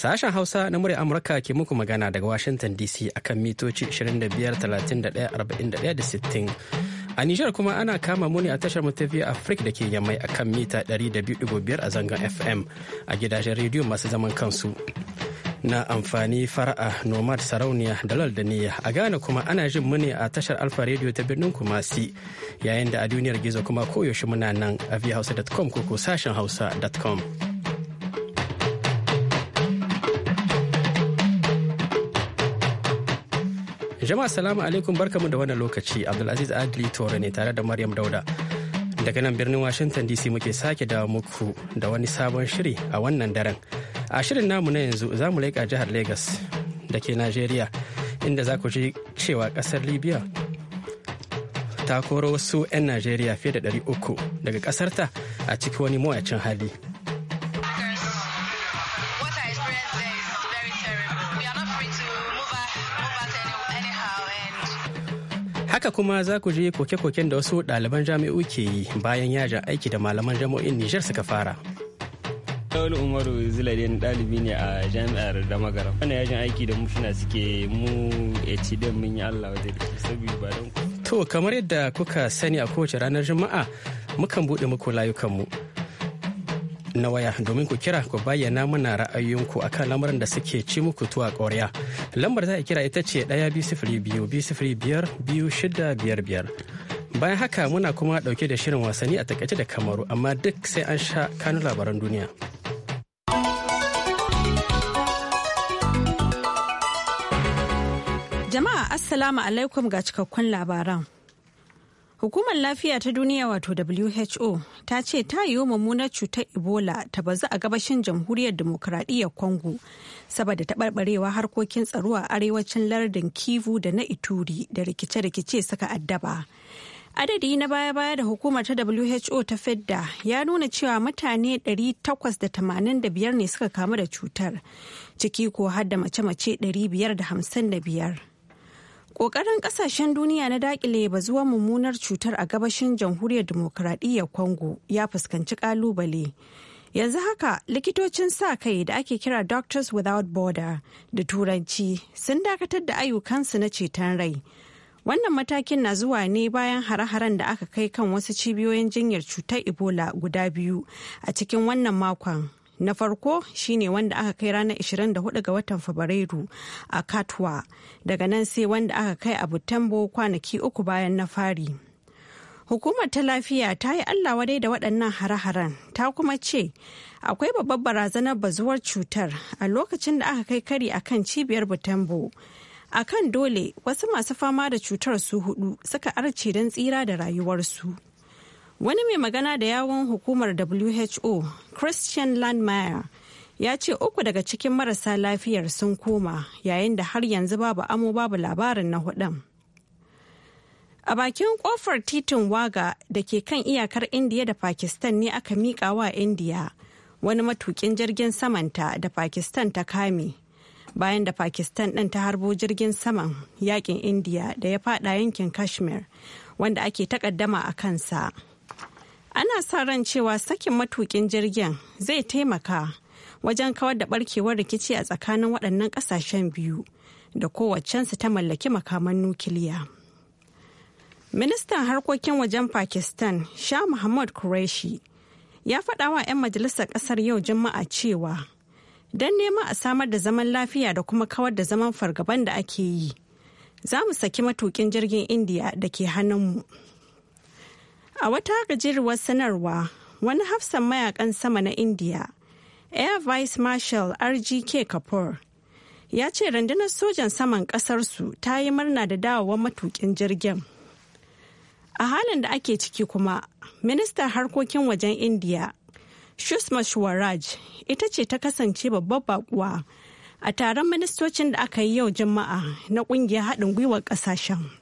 Sashen Hausa na murya Amurka ke muku magana daga Washington DC akan mitoci 25 da A Nijar kuma ana kama muni a tashar tafiya afirik da ke yammai akan mita 200.5 a zangon FM a gidajen rediyo masu zaman kansu. na amfani fara'a nomad sarauniya dalal da niyya a ghana kuma ana jin mu ne a tashar alfa radio ta birnin kumasi yayin da a duniyar gizo kuma koyaushe muna nan a vhausa.com ko ko sashen hausa.com Jama'a salamu alaikum barkamu da wannan lokaci Abdulaziz Adli Tore ne tare da Maryam Dauda. Daga nan birnin Washington DC muke sake dawo muku da wani sabon shiri a wannan daren. A shirin namu na yanzu za mu leƙa jihar lagos da ke nigeria inda za ku ji cewa kasar Libya ta koro wasu 'yan Najeriya fiye da 300 daga kasarta a cikin wani mawacin hali. haka kuma za ku je koke-koken da wasu ɗaliban jami'u ke yi bayan yajin aiki da malaman jami'o'in Nijar suka fara. Dawul Umaru Ziladin ɗalibi ne a jami'ar da Wani yajin aiki da mushina suke mu ci don mun yi Allah wajen sabi ba don To kamar yadda kuka sani a kowace ranar Juma'a mukan buɗe muku layukanmu. mu. na waya domin ku kira ku bayyana mana ra'ayoyinku akan lamarin da suke ci muku tuwa ƙwarya. Lambar za a kira ita ce ɗaya bi sifili biyu bi sifili biyar biyu shida biyar biyar. Bayan haka muna kuma ɗauke da shirin wasanni a takaice da kamaru amma duk sai an sha kanun labaran duniya. Jama'a Assalamu alaikum ga cikakkun labaran. Hukumar lafiya ta duniya wato WHO ta ce ta yiwu mummunar cutar Ebola ta bazu a gabashin jamhuriyar demokuraɗiyyar Congo saboda taɓarɓarewa harkokin tsaro a arewacin lardin Kivu da na Ituri da rikice-rikice suka addaba. Adadi na baya-baya da hukumar ta WHO ta fidda ya nuna cewa mutane 885 ne suka kamu da cutar, ciki ko har da mace-mace 555. Ƙoƙarin ƙasashen duniya na daƙile zuwa mummunar cutar a gabashin jamhuriyar demokuraɗiyyar Congo ya fuskanci ƙalubale. Yanzu haka likitocin sa kai da ake kira Doctors Without Border da Turanci sun dakatar da ayyukansu na ceton rai. Wannan matakin na zuwa ne bayan hare-haren da aka kai kan wasu cibiyoyin jinyar cutar Ebola guda biyu a cikin wannan makon na farko shine wanda aka kai ranar 24 ga watan fabrairu a katwa daga nan sai wanda aka kai a butambo kwanaki uku bayan na fari hukumar ta lafiya ta yi allah wadai da waɗannan hare-haren ta kuma ce akwai babbar barazanar bazuwar cutar a lokacin da aka kai kari akan cibiyar butambo akan dole wasu masu fama da cutar su hudu suka arce don tsira da rayuwarsu. Wani mai magana da yawon hukumar WHO, Christian Landmeyer, ya ce uku daga cikin marasa lafiyar sun koma yayin da har yanzu babu amo babu labarin na hudun. A bakin kofar titin waga da ke kan iyakar Indiya da Pakistan ne aka miƙa wa Indiya wani matukin jirgin samanta da Pakistan ta kame. Bayan da Pakistan ɗin ta harbo jirgin saman yakin Indiya da ya faɗa yankin Kashmir wanda ake takaddama a kansa. ana sa ran cewa sakin matukin jirgin zai taimaka wajen kawar da barkewar rikici a tsakanin waɗannan ƙasashen biyu da kowaccensu ta mallaki makaman nukiliya. Ministan harkokin wajen Pakistan Shah Muhammad Qureshi ya faɗa wa 'yan majalisar ƙasar yau Juma'a cewa don nema a samar da zaman lafiya da kuma kawar da zaman fargaban da ake yi za mu saki matukin jirgin indiya da ke hannunmu. mu. A wata gajeruwar sanarwa, wani hafsan mayakan sama na India, Air Vice Marshal RGK Kapoor, ya ce rundunar sojan saman kasarsu ta yi murna da dawowa matukin jirgin. A halin da ake ciki kuma, ministan harkokin wajen India, Shusma Swaraj, ita ce ta kasance babbar bakuwa a taron ministocin da aka yi yau Juma'a na ƙungiyar haɗin gwiwar ƙasashen.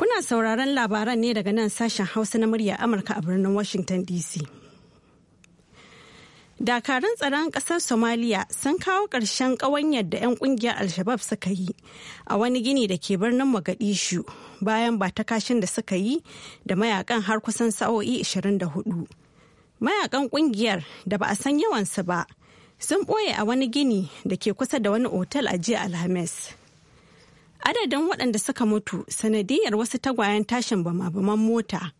Kuna sauraron labaran ne daga nan sashen Hausa na murya Amurka a birnin Washington DC. Dakarun tsaron ƙasar Somaliya sun kawo ƙarshen ƙawanyar da 'yan ƙungiyar Alshabab suka yi a wani gini da ke birnin Mogadishu bayan ba ta kashin da suka yi da mayakan har kusan sa'o'i 24. Mayakan ƙungiyar da ba a san yawansu ba sun ɓoye a wani gini da ke kusa da wani otal a jiya Alhamis. Adadin waɗanda suka mutu sanadiyar wasu tagwayen tashin bama-baman mota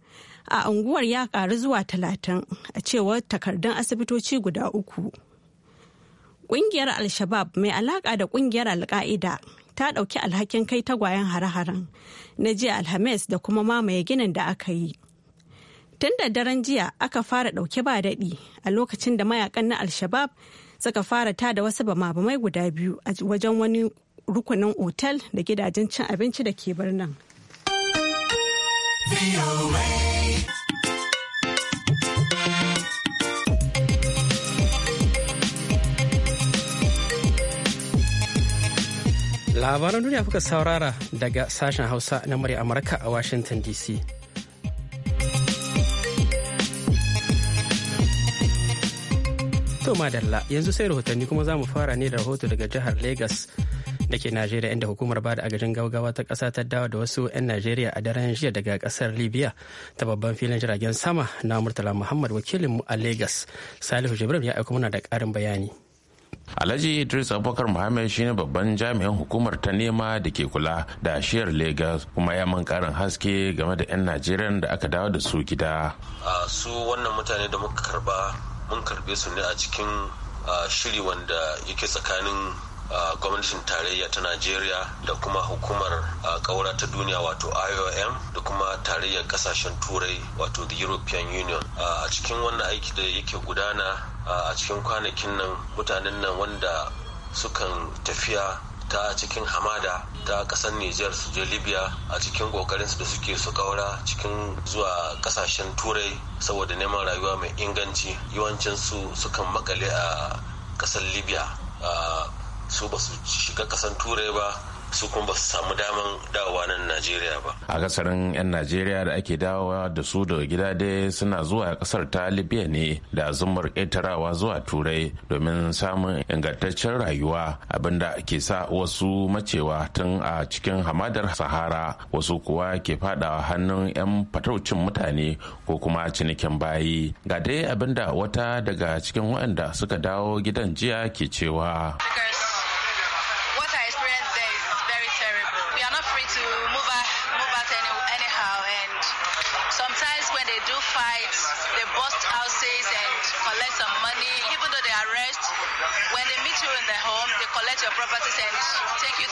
a unguwar ya ƙaru zuwa talatin a cewar takardun asibitoci guda uku. Ƙungiyar Al-Shabab mai alaƙa da ƙungiyar al ta ɗauki alhakin kai tagwayen hare-haren na jiya Alhamis da kuma mamaye ginin da aka yi. Tun da daren jiya aka fara ɗauke ba daɗi a lokacin da mayakan na Al-Shabab suka fara da wasu bama-bamai guda biyu a wajen wani rukunin otal da gidajen cin abinci da ke birnin. Labaran duniya kuka saurara daga sashen Hausa na murya Amurka a Washington DC. To madalla yanzu sai rahotanni kuma za mu fara ne da rahoto daga jihar lagos. da ke najeriya inda hukumar ba da agajin gaugawa ta ƙasa ta dawo da wasu 'yan najeriya a daren jiya daga kasar libya ta babban filin jiragen sama na murtala muhammad wakilinmu a lagos salihu jibril ya aiko mana da karin bayani Alhaji Idris Abubakar Muhammad shine babban jami'in hukumar ta nema da ke kula da shiyar Lagos kuma ya man karin haske game da 'yan Najeriya da aka dawo da su gida. su wannan mutane da muka karba mun karbe su ne a cikin shiri wanda yake tsakanin gwamnatin tarayya ta najeriya da kuma hukumar kaura ta duniya wato iom da kuma tarayyar kasashen turai wato the european union a cikin wannan aiki da yake gudana a cikin kwanakin nan mutanen nan wanda sukan tafiya ta cikin hamada ta kasar Nijar su je Libya a cikin kokarinsu da suke su kaura cikin zuwa kasashen turai saboda neman rayuwa mai inganci yawancin su sukan makale a kasar Libya su ba su shiga kasan turai ba su kuma ba su samu daman dawowa nan najeriya ba a kasarin 'yan najeriya da ake dawowa da su daga gida dai suna zuwa kasar ta libya ne da zumar ƙetarawa zuwa turai domin samun ingantaccen rayuwa abinda ke sa wasu macewa tun a cikin hamadar sahara wasu kuwa ke fadawa hannun 'yan fataucin mutane ko kuma cinikin bayi ga dai abinda wata daga cikin waɗanda suka dawo gidan jiya ke cewa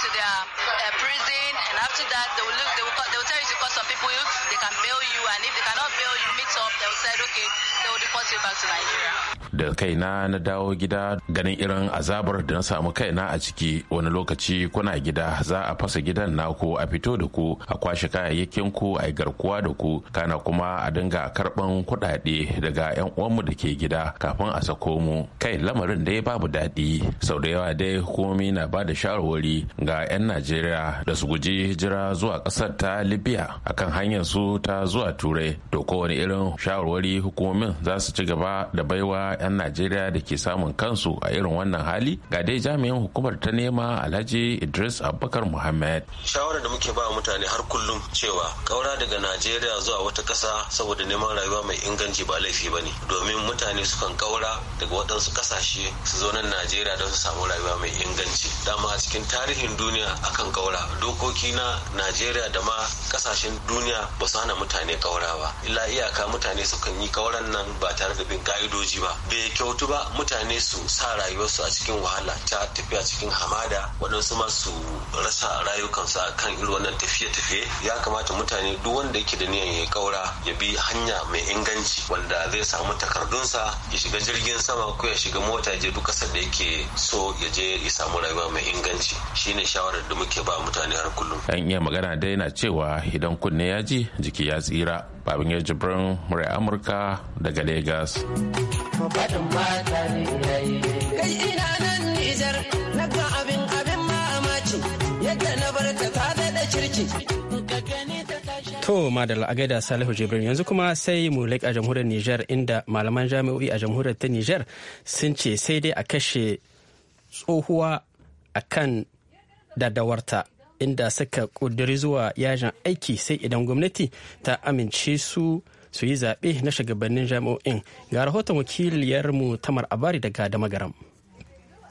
to their uh, prison, and after that, they will look, they will, they will tell you to call some people they can bail you, and if they cannot bail you, meet up, they will say, okay, they will deport you back to Nigeria. da kaina na dawo gida ganin irin azabar da na samu kaina a ciki wani lokaci kuna gida za a fasa gidan naku a fito da ku a kwashe kayayyakin ku a garkuwa da ku kana kuma a dinga karban kuɗaɗe daga yan uwanmu da ke gida kafin a sako mu kai lamarin dai babu daɗi sau da yawa dai hukumomi na ba da shawarwari ga 'yan najeriya da su guji jira zuwa ƙasar ta libya akan hanyar su ta zuwa turai to kowane irin shawarwari hukumomin za su ci gaba da baiwa 'yan najeriya da ke samun kansu a irin wannan hali ga dai jami'in hukumar ta nema alhaji idris abubakar muhammad shawarar da muke ba mutane har kullum cewa kaura daga najeriya zuwa wata ƙasa saboda neman rayuwa mai inganci ba laifi ba ne domin mutane sukan kaura daga waɗansu ƙasashe su zo nan najeriya don su samu rayuwa mai inganci dama a cikin tarihin duniya akan kaura dokoki na najeriya da ma ƙasashen duniya ba su hana mutane kaura ba illa iyaka mutane sukan yi kauran nan ba tare da bin ka'idoji ba bai kyautu ba mutane su sa rayuwarsu a cikin wahala ta tafiya cikin hamada waɗansu ma su rasa rayukansu a kan irin wannan tafiye-tafiye ya kamata mutane duk wanda yake da niyan ya kaura ya bi hanya mai inganci wanda zai samu takardunsa ya shiga jirgin sama ko ya shiga mota ya je duk ƙasar da yake so ya je ya samu rayuwa mai inganci shine shawarar da muke ba mutane har kullum. An iya magana dai na cewa idan kunne ya ji jiki ya tsira. Babin ya jibrin murai Amurka daga Legas. faɗin mata ne kai ina nan nijar na ga abin abin mamaci yadda na bar ta ta daɗa kirki To Madalla a gaida Salihu Jibrin yanzu kuma sai mu leƙa jamhuriyar Nijar inda malaman jami'o'i a jamhuriyar ta Nijar sun ce sai dai a kashe tsohuwa a kan dadawarta inda suka ƙudiri zuwa yajin aiki sai idan gwamnati ta amince su su yi zaɓe na shugabannin jami'o'in ga rahoton wakiliyarmu tamar abari daga damagaram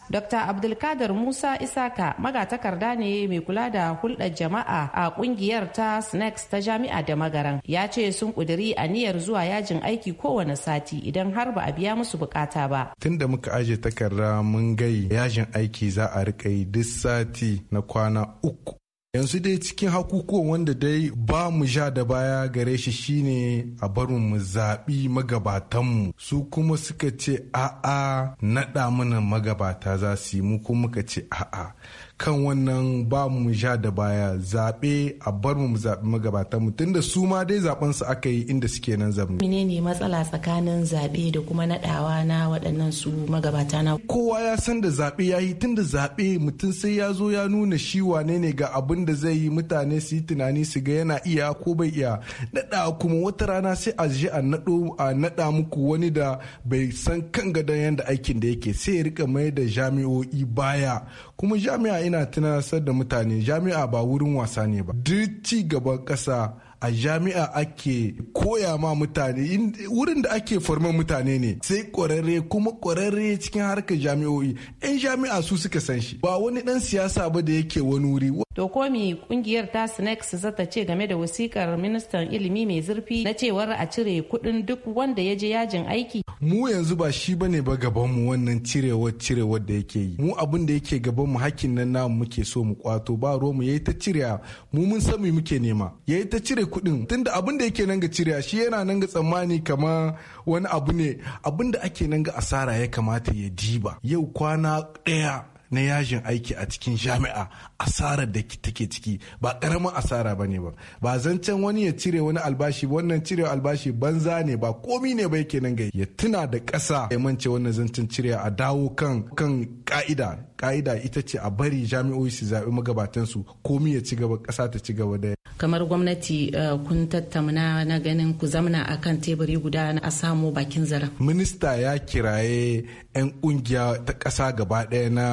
Dr. Abdulkadir Musa Isaka magatakarda ne mai kula da hulɗar jama'a a ƙungiyar ta Snacks ta jami'a da magaran. Ya ce sun ƙudiri aniyar zuwa yajin aiki kowane sati idan har ba a biya musu bukata ba. Tun da muka aje takarda mun gai yajin aiki za a riƙa yi duk sati na kwana uku yanzu dai cikin hakukuwan wanda dai ba mu sha da baya gare shi shine a barin mu zaɓi magabatanmu su kuma suka ce a'a naɗa mana magabata za su yi mu kuma muka ce a'a kan wannan ba mu sha da baya zaɓe a bar mu zaɓi magabatan mu tunda su ma dai zaɓen su aka yi inda suke nan Mene ne matsala tsakanin zaɓe da kuma naɗawa na waɗannan su magabata na? Kowa ya san da zaɓe ya yi tunda zaɓe mutum sai ya zo ya nuna shi wane ne ga abin da zai yi mutane su yi tunani su ga yana iya ko bai iya naɗa kuma wata rana sai a je a naɗo a naɗa muku wani da bai san kan gadon yadda aikin da yake sai ya rika mai da jami'o'i baya kuma jami'a ina tunasar da mutane jami'a ba wurin wasa ne ba duk ci gaban ƙasa a jami'a ake koya ma mutane wurin da ake forman mutane ne sai kwararre kuma ƙwararre cikin harkar jami'o'i 'yan jami'a su suka san shi ba wani dan siyasa ba da yake wani wuri to komi kungiyar ta snex zata ce game da wasikar ministan ilimi mai zurfi na cewar a cire kuɗin duk wanda ya je yajin aiki mu yanzu ba shi bane ba gaban mu wannan cirewar cirewar da yake yi mu abin da yake gaban mu hakkin nan namu muke so mu kwato ba ruwa mu yayi ta cirewa mu mun san mu muke nema yayi ta cire kuɗin tunda abin da yake nan ga cirewa shi yana nan ga tsammani kama wani abu ne abin da ake nan ga asara ya kamata ya diba yau kwana daya. na yajin aiki a cikin jami'a asarar da take ciki ba karamin asara ba ne ba ba zancen wani ya cire wani albashi wannan cire albashi banza ne ba komi ne ba yake nan gai ya tuna da ƙasa ya mance wannan zancen cire a dawo kan kan ka'ida ita ce a bari jami'o'i su zaɓi magabatansu komi ya ci gaba ƙasa ta ci gaba da kamar gwamnati eh, kun tattauna na ganin ku zamna kan teburi guda a samu bakin zara. Minista ya kiraye 'yan kungiya ta ƙasa gaba ɗaya na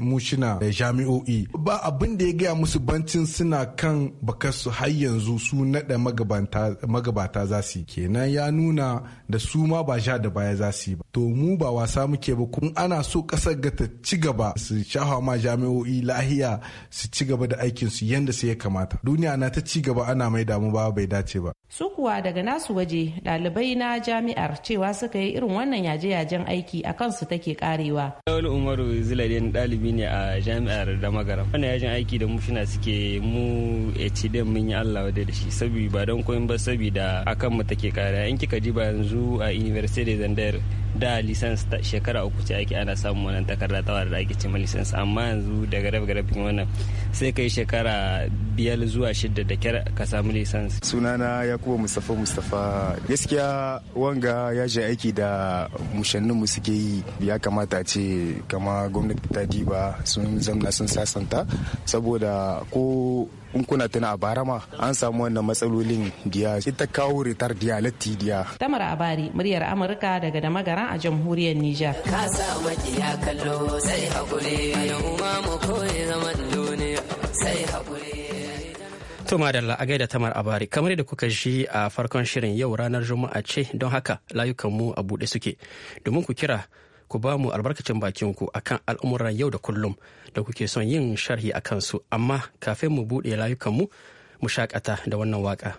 mushina da eh, jami'o'i ba abin da ya gaya musu bancin suna kan bakarsu har yanzu su naɗa magabata za su kenan ya nuna da su ma ba sha da baya za su yi ba to mu ba wasa muke ba kun ana so ƙasar ga ta ci gaba su shafa ma jami'o'i lahiya su ci gaba da aikinsu yadda su ya kamata duniya ana ta ci gaba ana mai damu ba bai dace ba su kuwa daga nasu waje ɗalibai na jami'ar cewa suka yi irin wannan yaje-yajen aiki a kansu take karewa. Lawal Umaru Zilalin ɗalibi ne a jami'ar da magaram. Wannan yajin aiki da mushina suke mu HD mun yi Allah wadai da shi sabi ba don koyin ba sabida akan mu take kare in kika ji ba yanzu a University de Zandar da lisans shekara uku ce aiki ana samun wannan takarda ta da ake cima lisans amma yanzu daga rabe garafin wannan sai kai shekara biyar zuwa shidda da kyar ka samu lisans. Sunana ya yakubu mustafa mustafa gaskiya wanga ya je aiki da mushannin mu suke yi ya kamata ce kama gwamnati ta diba sun zamna sun sasanta saboda ko in kuna tuna a bara ma an samu wannan matsalolin diya ita kawo ritar diya latti diya. Tamar Abari muryar Amurka daga da magaran a jamhuriyar nija Ka sa makiya sai hakuri mu koyi zaman duniya sai hakuri. To madalla a gaida tamar abari kamar da kuka ji a farkon shirin yau ranar juma'a ce don haka layukanmu a buɗe suke domin ku kira ku ba mu albarkacin bakinku akan al'amuran yau da kullum da kuke son yin sharhi a su amma kafin mu buɗe layukanmu mu shakata da wannan waka.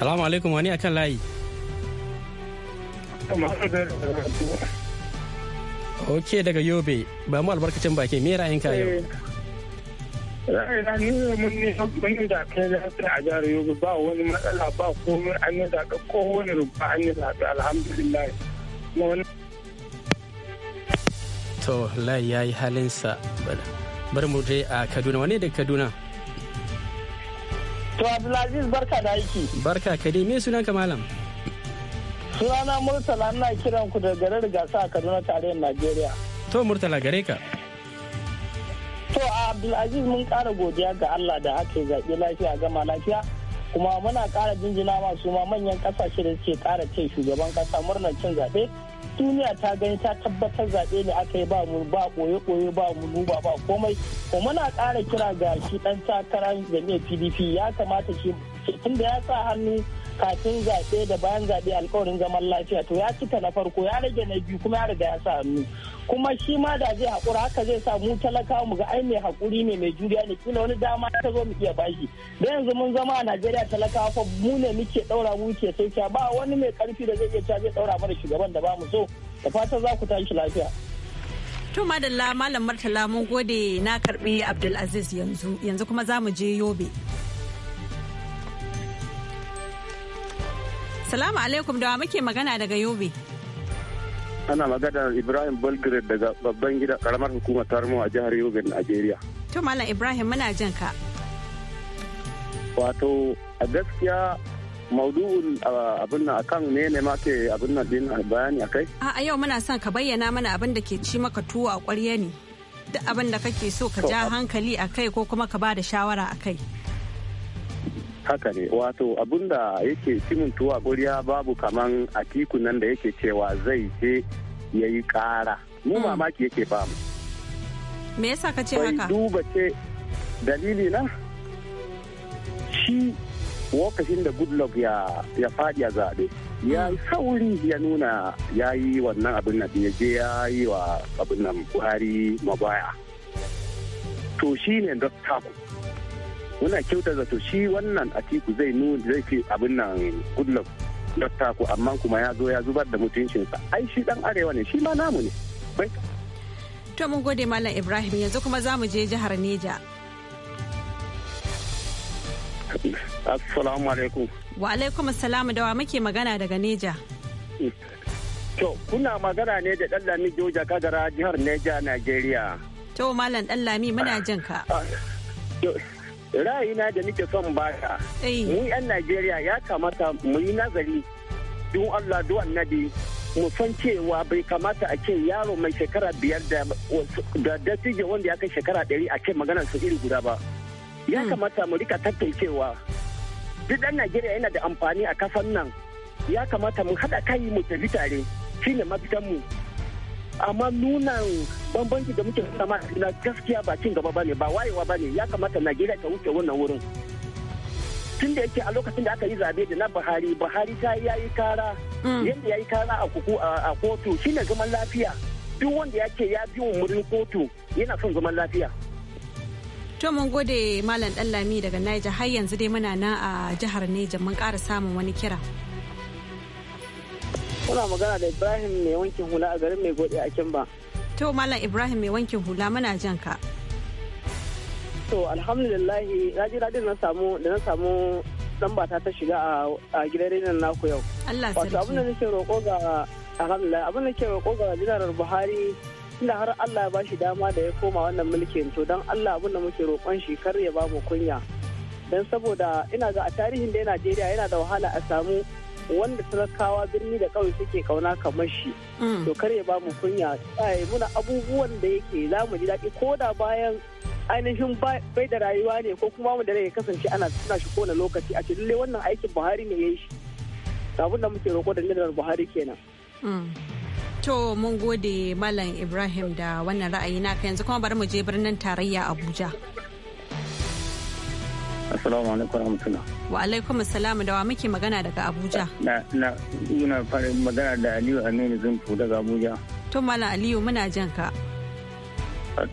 salamu alaikum wani akan layi ok daga yobe ba mu albarkacin baki me ka yau ra'ayina ni mun ne mun yi zaɓe lafiya a jihar yobe ba wani matsala ba komai an yi zaɓe kowane rumfa an yi zaɓe alhamdulillah to layi ya yi halinsa bari mu je a kaduna wani da kaduna To Abdulaziz barka da aiki. Barka ka dai me sunan ka malam? Sunana Murtala ina kiran ku da garin gasa a Kaduna tarayyar Najeriya. To Murtala gare ka. To Abdulaziz mun ƙara godiya ga Allah da aka yi zaɓe lafiya gama lafiya. kuma muna ƙara jinjina masu ma manyan ƙasashe da suke kara ce shugaban ƙasa murnar cin zaɓe duniya ta gani ta tabbatar zaɓe ne aka yi ba mu ba ɓoye-ɓoye ba mu duba ba komai ko muna ƙara kira ga shi ɗan takara jami'ar pdp ya kamata shi tun da ya sa hannu kafin zaɓe da bayan zaɓe alkawarin zaman lafiya to ya cika na farko ya rage na biyu kuma ya riga ya sa hannu kuma shi ma da zai haƙura haka zai sa mu talaka mu ga ai mai haƙuri ne mai juriya ne kila wani dama ta zo mu iya bashi da yanzu mun zama a Najeriya talakawa fa mu ne muke ɗaura mu ke sai ba wani mai ƙarfi da zai iya cewa zai ɗaura mana shugaban da ba mu so da fata za ku tashi lafiya. To madalla malam Martala mun gode na karbi Abdulaziz yanzu yanzu kuma za mu je Yobe. Salamu alaikum da muke magana daga Yobe. Ana magana Ibrahim Belgrade daga babban gida karamar hukumar Tarmo a jihar Yobe, Najeriya. To Malam Ibrahim muna jin ka. Wato a gaskiya maudu'un abin nan akan ne ne ma ke abin nan din bayani akai? A yau muna son ka bayyana mana abin da ke ci maka tuwo a ƙwarya ne. Duk abin da kake so ka ja hankali akai ko kuma ka ba da shawara akai. kai. haka ne wato abinda yake cimin tuwa babu kaman a nan da yake cewa zai je ya yi ƙara mu mm. mamaki yake bamu me yasa ka ce haka duba ce dalili na shi lokacin da goodluck ya ya faɗi a zaɓe ya mm. sauri ya nuna ya yi wannan abin na ya je ya yi wa abin nan buhari mabaya to shi ne dr muna kyauta zato shi wannan atiku zai nuna zai fi abin nan kullum dokta ku amma kuma ya zo ya zubar da mutuncinsa ai shi dan arewa ne shi ma namu ne to mun gode malam ibrahim yanzu kuma za mu je jihar neja assalamu alaikum wa alaikum assalam da wa muke magana daga neja to kuna magana ne da lami joja kadara jihar neja nigeria to malam lami muna ah. jin ka ah. ra'ayina da nike son baka mu 'yan najeriya ya kamata mu yi nazari don allah don annabi mu san cewa bai kamata a ce yaro mai shekara biyar da dattijo wanda ya kai shekara ɗari a ce maganar su iri guda ba ya hmm. kamata mu rika tattaucewa duk ɗan najeriya yana da amfani a kasan nan ya kamata mu haɗa kai mu tafi tare shine mafitan mu amma nunan bambanci da muke sama na gaskiya ba cin gaba bane ba wayewa bane ya kamata Najeriya ta wuce wannan wurin tun da yake a lokacin da aka yi zabe da na Buhari Buhari ta yi yayi kara mm. yadda yayi kara a kuku a kotu shine zaman lafiya duk wanda ya ce ya bi umurin kotu yana son zaman lafiya To mun gode Malam Dallami daga Niger har yanzu dai muna nan a jihar Niger mun kara samun wani kira. Kuna magana da Ibrahim mai wankin hula a garin mai gode a Kimba. To Malam Ibrahim mai wankin hula muna jan ka. To alhamdulillah na ji na samu da na samu dan bata ta shiga a gidan rediyon naku yau. Allah sarki. Wato abin da nake roƙo ga alhamdulillah abin da ke roƙo ga jiranar Buhari tunda har Allah ya bashi dama da ya koma wannan mulkin to dan Allah abun da muke roƙon shi kar ya ba mu kunya. Dan saboda ina ga a tarihin da Najeriya yana da wahala a samu wanda talakawa birni da kawai suke kauna kamar shi mm. to kar ya ba mu kunya ai muna abubuwan da yake za mu ji daɗi ko da bayan ainihin bai da rayuwa ne ko kuma mu da rai kasance ana suna shi kowane lokaci a cikin wannan aikin Buhari ne yayi shi abin da muke roƙo da niyyar Buhari kenan mm. to mun gode Malam Ibrahim da wannan ra'ayi naka yanzu kuma bari mu je birnin tarayya Abuja Assalamu alaikum Wa alaikum assalam da wa muke magana daga Abuja. Na na muna fara magana da Aliyu Aminu Zuntu daga Abuja. To mala Aliyu muna jan ka.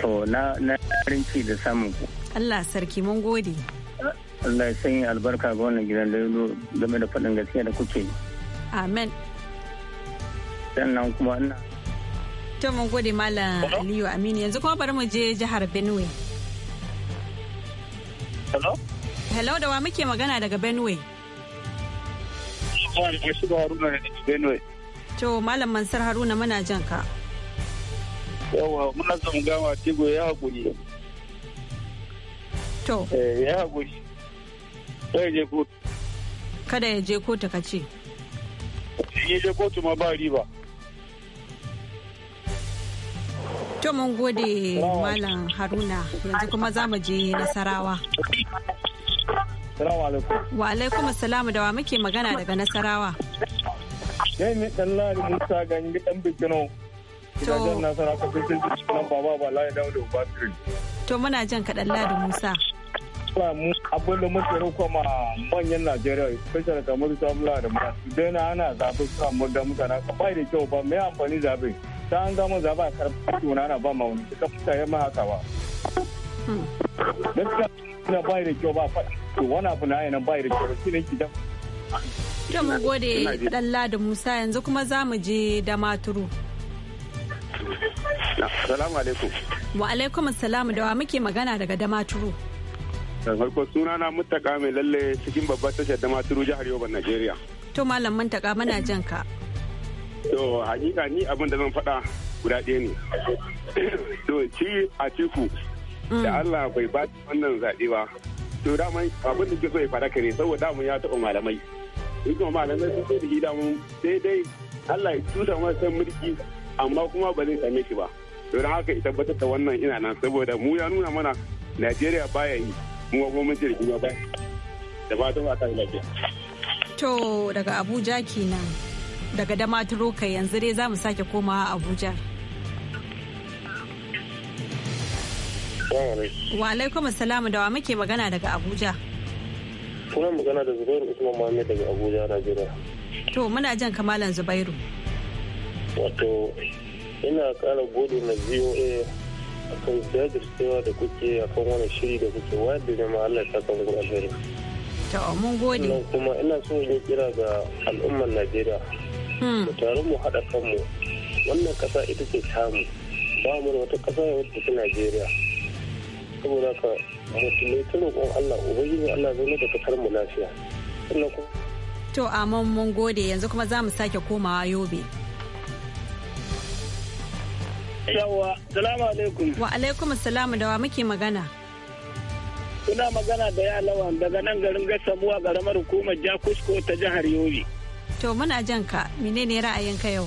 To na na farin da samun ku. Allah sarki mun gode. Allah ya sanya albarka ga wannan gidan lalo game da faɗin gaskiya da kuke. Amen. Sannan kuma ina. To mun gode mala Aliyu Aminu yanzu kuma bari mu je jihar Benue. Hello? Hello da wa muke magana daga Benue. Benue. To Malam Mansur Haruna muna jan ka. Yawa muna son gama tigo ya haƙuri. To. Eh, ya haƙuri. Kada je kotu. Kada ya je kotu ka ce. Ya je kotu ma ba riba. To mun gode Malam Haruna yanzu kuma za mu je Nasarawa. Wa alaikum salamu da wa muke magana daga Nasarawa. Yai ne ɗan lari Musa gangi ɗan bikino. Gidajen Nasara ka fi sun nan baba ba layi dawo da Basiri. To muna jan ka ɗan lari Musa. Abin da muke roƙo ma manyan Najeriya, especially kamar Samula da musa su daina ana zaɓe kuma samu da mutane, ka bai da kyau ba, me amfani zaɓe. Ta an gama zaɓe a karfi tuna na ba ma wani, ka fita yamma haka ba. Hmm. gaskiya na bai da kyau ba faɗi to wani abu na yana bai da kyau shi ne kidan da mu gode dalla da musa yanzu kuma za mu je da maturu salamu alaikum wa alaikum salamu da wa muke magana daga damaturu da harko suna na mutaka mai lalle cikin babbar tashar damaturu jihar yoban najeriya to malam mutaka mana jan ka to hakika ni abin da zan faɗa guda ɗaya ne to ci a ciku Mm. da Allah bai ba wannan zaɓe ba to mun abin da ke so ya fara ne saboda mun ya taɓa malamai in kuma malamai sun sai da gida mun daidai Allah ya tuta san mulki amma kuma ba zai same shi ba to don haka ya tabbatar da wannan ina nan saboda mu ya nuna mana Najeriya baya yi mu ga gwamnati da kuma ba da ba ta ta lafiya to daga Abuja kenan daga Damaturu kai yanzu dai za mu sake komawa Abuja Wa alaikum da wa muke magana daga Abuja. Kuna magana da Zubairu Usman Muhammad daga Abuja, Najeriya. To muna jan kamalan Zubairu. Wato ina kara gode na VOA akan jajircewa da kuke akan wani shiri da kuke wayar da jama'a Allah ya saka muku alheri. To mun gode. kuma ina so in kira ga al'ummar Najeriya. Mu hmm. taru mu haɗa kanmu. Wannan ƙasa ita ce tamu. Ba mu da wata ƙasa wacce ta Najeriya. saboda ka musulmai ta roƙon Allah ubangiji Allah zai da kasar mu lafiya sannan kuma to amon mun gode yanzu kuma za mu sake komawa yobe yawa salamu alaikum wa alaikum assalamu da wa muke magana Kuna magana da yalawan daga nan garin gasamuwa garamar hukumar jakusko ta jihar yobe to muna jan ka menene ra'ayinka yau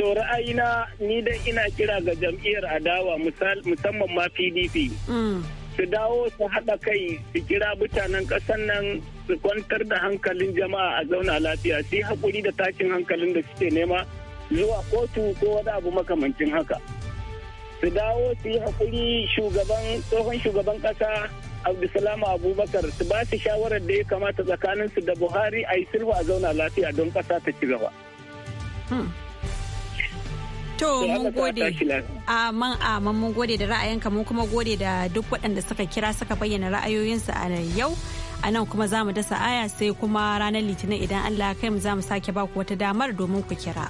To ra'ayina ni dai ina kira ga jam'iyyar adawa musamman ma PDP. Mm. Su dawo su haɗa kai su kira mutanen ƙasar nan su kwantar da hankalin jama'a a zauna lafiya su yi haƙuri da tashin hankalin da suke nema zuwa kotu ko wani abu makamancin haka. Su dawo su yi haƙuri shugaban tsohon shugaban ƙasa Abdulsalam Abubakar su ba su shawarar da ya kamata tsakaninsu da Buhari a yi sulhu a zauna lafiya don ƙasa ta ci gaba. Hmm. To mun gode. Aman aman mun gode da ra'ayinka mun kuma gode da duk waɗanda suka kira suka bayyana ra'ayoyinsu a yau. A nan kuma za mu dasa aya sai kuma ranar litinin idan Allah kai mu za mu sake baku wata damar domin ku kira.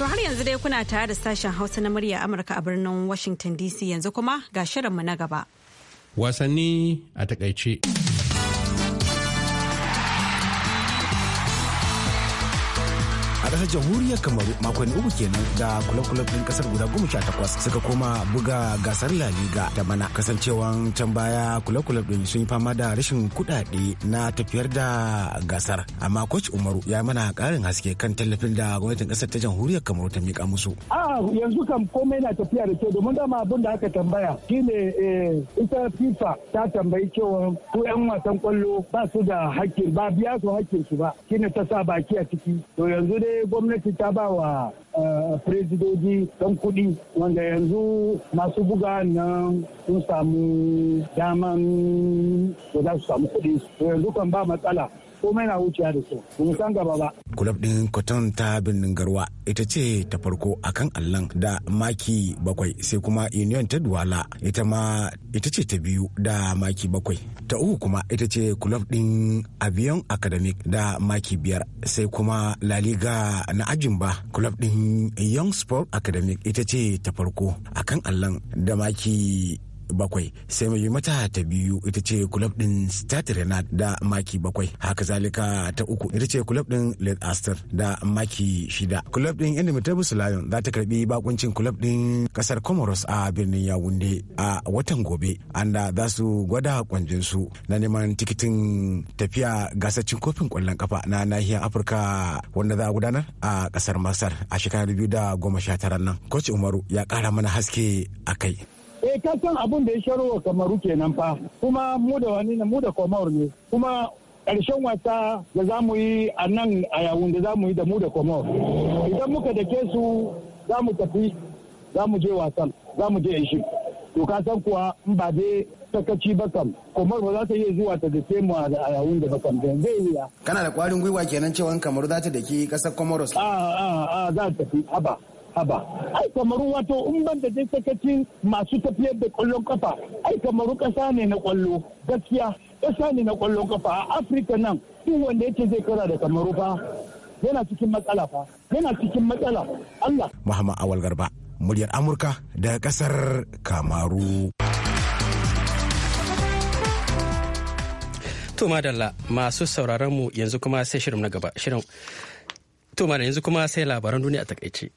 To har yanzu dai kuna tare da sashen Hausa na murya Amurka a birnin Washington DC yanzu kuma ga shirinmu na gaba. Wasanni a takaice. kasar jamhuriyar kamaru makonni uku kenan da kula-kula ɗin kasar guda goma sha takwas suka koma buga gasar la liga ta bana kasancewan can baya kula-kula ɗin sun yi fama da rashin kuɗaɗe na tafiyar da gasar amma coach umaru ya mana ƙarin haske kan tallafin da gwamnatin kasar ta jamhuriyar kamaru ta miƙa musu. yanzu kam komai na tafiya da kyau domin dama abin da aka tambaya shine eh, ita fifa ta tambayi cewa ko 'yan wasan kwallo ba su da hakkin ba biya su hakkin su ba shine ta sa baki a ciki to yanzu dai gwamnati ta ba wa eh, firistoci don kuɗi wanda yanzu masu buga nan sun samu daman da za su samu kuɗi yanzu kan ba matsala komai na wuce da su mun san gaba ba kulab din cotton ta birnin garwa ita ce ta farko akan allan da maki bakwai sai kuma union ta duwala ita ma ita ce ta biyu da maki bakwai ta uku kuma ita ce kulab din avion academic da maki biyar sai kuma laliga liga na ajimba kulab din young sport academic ita ce ta farko akan allan da maki bakwai sai mai mata ta biyu ita ce kulab din Stade da maki bakwai haka zalika ta uku ita ce kulab din aster da maki shida kulab din Indomitable Lion za ta karbi bakuncin kulab din kasar Comoros a birnin yawunde a watan gobe anda za su gwada kwanjinsu na neman tikitin tafiya gasaccin kofin kwallon kafa na nahiyar Afirka wanda za a gudanar a kasar Masar a shekarar 2019 nan. Coach Umaru ya kara mana haske a kai. eh ka san abin da ya sharo kamaru kenan fa kuma mu da wani mu da komar ne kuma karshen wata da za mu yi a nan a yawun da za mu yi da mu da komor idan muka da su za mu tafi za mu je wasan za mu je shi to ka san kuwa in ba dai sakaci ba kam komar ba za ta iya zuwa ta dace mu a yawun da ba da zai kana da kwarin gwiwa kenan cewa kamaru za ta dake kasar comoros a a a za ta tafi haba haba ai kamar wato in ban da dai sakacin masu tafiyar da kwallon kafa ai kamar kasa ne na kwallo gaskiya kasa ne na kwallon kafa a afirka nan duk wanda yake zai kara da kamaru fa yana cikin matsala fa yana cikin matsala Allah Muhammad Awal Garba muryar Amurka daga kasar Kamaru To madalla masu sauraron mu yanzu kuma sai shirin na gaba shirin To yanzu kuma sai labaran duniya a takaice.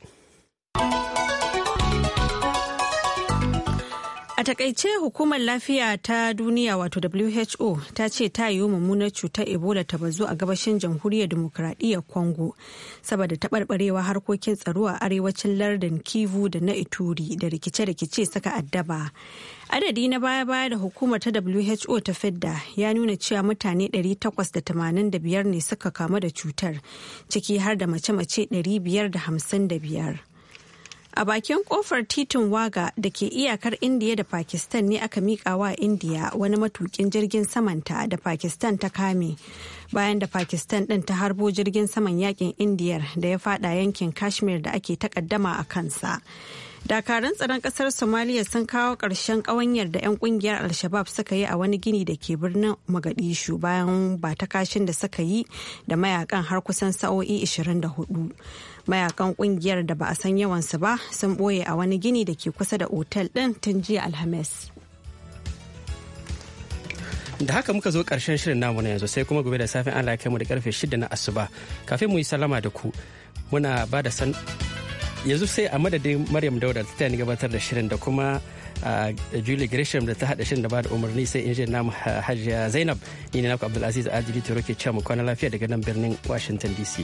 takaice hukumar lafiya ta duniya wato WHO ta ce ta yiwu mummunar cutar Ebola ta bazu a gabashin jamhuriyar demokradiyyar Congo saboda taɓarɓarewa harkokin tsaro a arewacin lardin Kivu da na Ituri da rikice-rikice suka addaba. Adadi na baya-baya da hukumar ta WHO ta fidda ya nuna cewa mutane 885 ne suka kamu da cutar ciki har da mace-mace 555. a bakin kofar titin waga da ke iyakar indiya da pakistan ne aka miƙa wa indiya wani matukin jirgin samanta da pakistan ta kame bayan da pakistan din ta harbo jirgin saman yakin indiyar da ya fada yankin kashmir da ake takaddama a kansa dakarun tsaron kasar somaliya sun kawo ƙarshen ƙawanyar da 'yan kungiyar al-shabab suka yi a wani gini da ke birnin mogadishu bayan ba ta kashin da suka yi da mayakan har kusan sa'o'i 24 mayakan kungiyar da ba a san yawansu ba sun ɓoye a wani gini da ke kusa da otal ɗin tun jiya alhamis da haka muka zo karshen shirin namu na yanzu sai kuma gobe da safin Allah ya kai mu da karfe 6 na asuba kafin mu yi salama da ku muna ba da san yanzu sai a madadin maryam dauda ta ni gabatar da shirin da kuma julie gresham da ta hada shirin da ba da umarni sai injin namu hajiya zainab ni ne naku abdulaziz ajiyar turo ke cewa mu kwana lafiya daga nan birnin washington dc